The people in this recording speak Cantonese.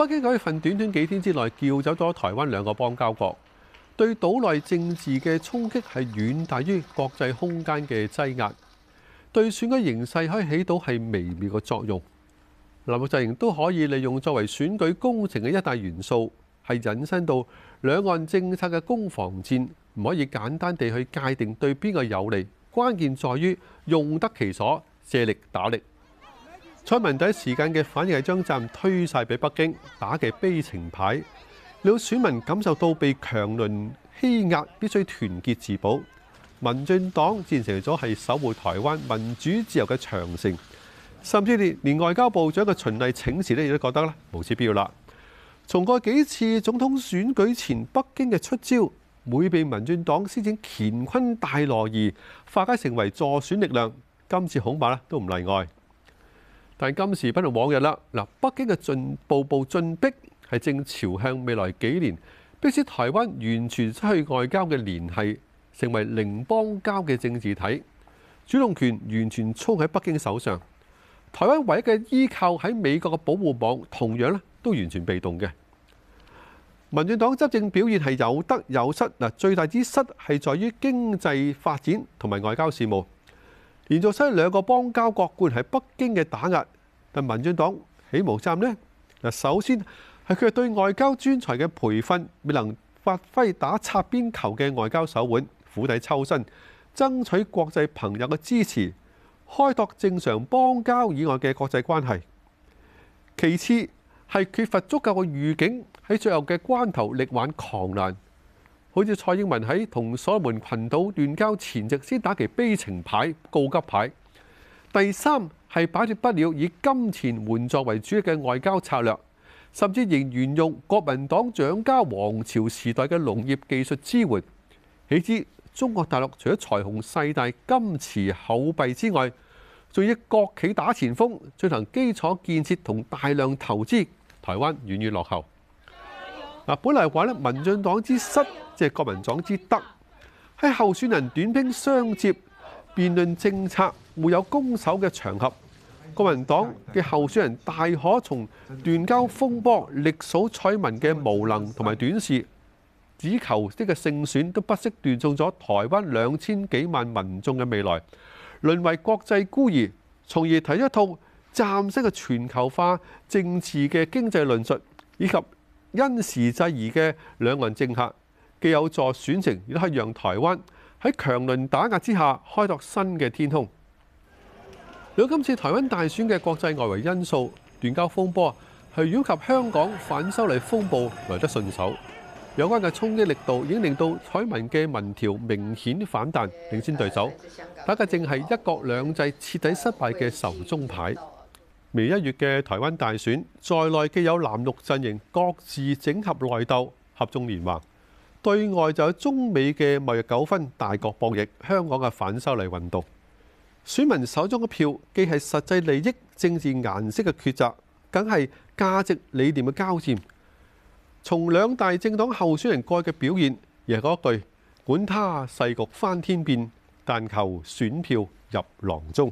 北京可以喺短短幾天之內叫走咗台灣兩個邦交國，對島內政治嘅衝擊係遠大於國際空間嘅擠壓，對選舉形勢可以起到係微妙嘅作用。藍綠陣營都可以利用作為選舉工程嘅一大元素，係引申到兩岸政策嘅攻防戰，唔可以簡單地去界定對邊個有利，關鍵在於用得其所，借力打力。蔡民第一時間嘅反應係將責任推晒俾北京，打嘅悲情牌。令選民感受到被強鄰欺壓，必須團結自保。民進黨變成咗係守護台灣民主自由嘅長城。甚至連連外交部長嘅循例請辭呢，亦都覺得咧無此必要啦。從過幾次總統選舉前北京嘅出招，每被民進黨施展乾坤大挪移，化解成為助選力量。今次恐怕咧都唔例外。但今時不同往日啦！嗱，北京嘅進步步進逼，係正朝向未來幾年，迫使台灣完全失去外交嘅聯繫，成為零邦交嘅政治體，主動權完全操喺北京手上。台灣唯一嘅依靠喺美國嘅保護網，同樣呢都完全被動嘅。民進黨執政表現係有得有失，嗱，最大之失係在於經濟發展同埋外交事務。連做衰兩個邦交國冠喺北京嘅打壓，但民進黨起毛站呢？嗱，首先係佢哋對外交專才嘅培訓未能發揮打擦邊球嘅外交手腕，釜底抽薪，爭取國際朋友嘅支持，開拓正常邦交以外嘅國際關係。其次係缺乏足夠嘅預警，喺最後嘅關頭力挽狂瀾。好似蔡英文喺同所門群島斷交前夕，先打其悲情牌、告急牌。第三係擺脱不了以金錢援助為主力嘅外交策略，甚至仍沿用國民黨蔣家王朝時代嘅農業技術支援。豈知中國大陸除咗財雄勢大、金池厚幣之外，仲以國企打前鋒進行基礎建設同大量投資，台灣遠遠落後。嗱，本來話咧，民進黨之失。即係國民黨之德，喺候選人短兵相接辯論政策沒有攻守嘅場合，國民黨嘅候選人大可從斷交風波歷數蔡英文嘅無能同埋短視，只求呢個勝選，都不惜斷送咗台灣兩千幾萬民眾嘅未來，淪為國際孤兒，從而提一套暫時嘅全球化政治嘅經濟論述，以及因時制宜嘅兩岸政客。既有助選情，亦都係讓台灣喺強鄰打壓之下開拓新嘅天空。如果今次台灣大選嘅國際外圍因素斷交風波係，如及香港反修例風暴來得順手，有關嘅衝擊力度已經令到彩民嘅民調明顯反彈，領先對手打嘅正係一國兩制徹底失敗嘅仇中牌。未一月嘅台灣大選在內，既有藍綠陣營各自整合內鬥，合縱連橫。對外就有中美嘅貿易糾紛、大國博弈、香港嘅反修例運動。選民手中嘅票既係實際利益、政治顏色嘅抉擇，梗係價值理念嘅交戰。從兩大政黨候選人過去嘅表現，亦係嗰句：管他世局翻天變，但求選票入囊中。